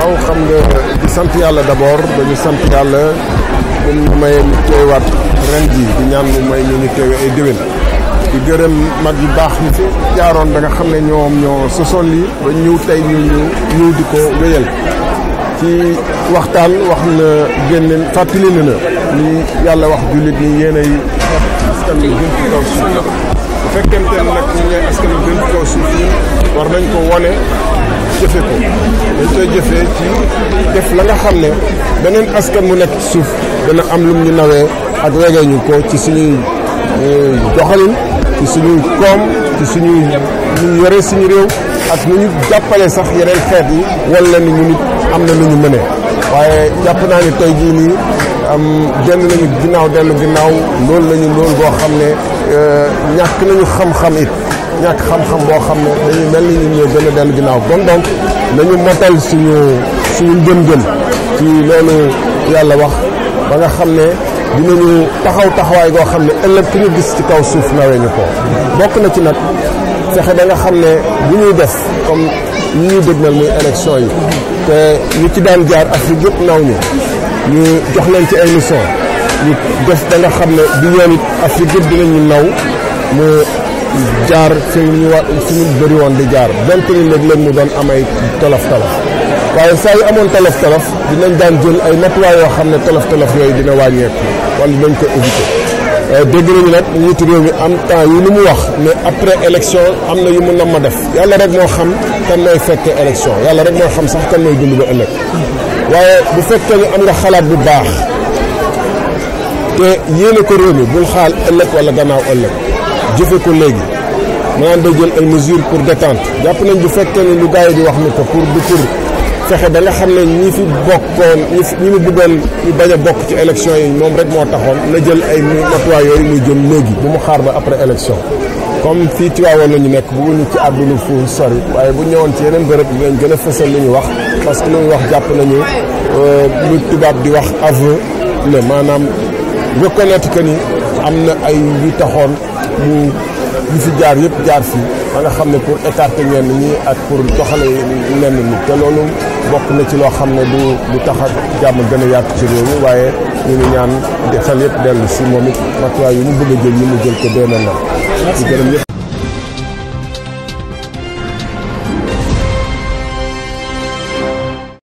waaw xam nga di sant yàlla d'abord dañu sant yàlla ñun ñu may teewaat ren ji di ñaan mu may ñu ñu teewe ay déwén di gërëm mag yu baax ñu si jaaroon da nga xam ne ñoom ñoo sosoon lii ba ñëw tey ñu ñu di ko wéyal ci waxtaan wax na génne fàttali na na li yàlla wax jullit ñi yéen ay askan bi gën nag ñu ngi askan bi gën ci kaw suuf war nañ ko wone jëfe ko dañ koy jëfee ci def la nga xam ne beneen askan mu nekk suuf dana am lu ñu nawee ak wegee ñu ko ci suñuy euh, doxalin ci suñuy koom ci suñuy ñu yore suñu réew ak nu ñu jàppale sax yeneen xeet yi wala ni ñu nit am na lu ñu mënee waaye jàpp naa ni tey jii nii am dellu nañu ginnaaw dellu ginnaaw loolu lañu loolu boo xam ne euh, ñàkk nañu xam-xam it ñàkk xam-xam boo xam ne mel ni ñun ñoo gën dellu ginnaaw kon donc nañu motal suñu suñu gëm-gëm ci loolu yàlla wax ba nga xam ne dinañu taxaw taxawaay goo xam ne ëllëg ku ñu gis ci kaw suuf nawee ñu ko bokk na ci nag fexe ba nga xam ne bu ñuy def comme ñu ñuy dëgmal muy élection yi te ñu ci daan jaar Afrique yëpp naw ñu ñu jox leen ci ay leçon ñu def da nga xam ne du yoon it afrique yëpp dinañu naw mu jaar fi ñu wa fi ñu bëri woon di jaar donte ni léeg leen mu doon am ay tolof tolof waaye saa yu amoon tolof tolof dinañ daan jël ay matuwaay yoo xam ne tolof tolof yooyu dina wàññeeku wala dinañ ko éviter dégg nañu nag njiitu réew mi am temps yi lu mu wax ne après élection am na yu mu nam ma def yàlla rek moo xam kan mooy fekkee élection yàlla rek moo xam sax kan mooy dund ba ëllëg waaye bu fekkee ni am nga xalaat bu baax te yéene ko réew mi bul xaal ëllëg wala gannaaw ëllëg jëfe ko léegi maanaam day jël ay mesures pour détente jàpp nañ bu fekkee ni lu gars yi di wax ni ko pour du pour fexe ba nga xam ne ñi fi bokkoon ñi mu bëggoon ñu bañ a bokk ci élection yi moom rek moo taxoon na jël ay matuwaay yooyu muy jël léegi bu mu xaar ba après élection comme fii Tiwaawoon la ñu nekk bu ñu ci àdduna fu sori waaye bu ñëwoon ci yeneen bërëb dinañ gën a fësal li ñu wax parce que li ñu wax jàpp nañu euh, lu tubaab di wax aveu la maanaam reconnaître que ni am na ay yu taxoon li fi jaar yëpp jaar fii ba nga xam ne pour écarter ñenn ñi ak pour doxale lenn ñi te loolu bokk na ci loo xam ne du du tax a jàmm gën a yaatu ci réew mi waaye ñu ngi ñaan xel yëpp dellu si moom it matuwaay yu mu bëgg a jël yi mu jël ko doy na la.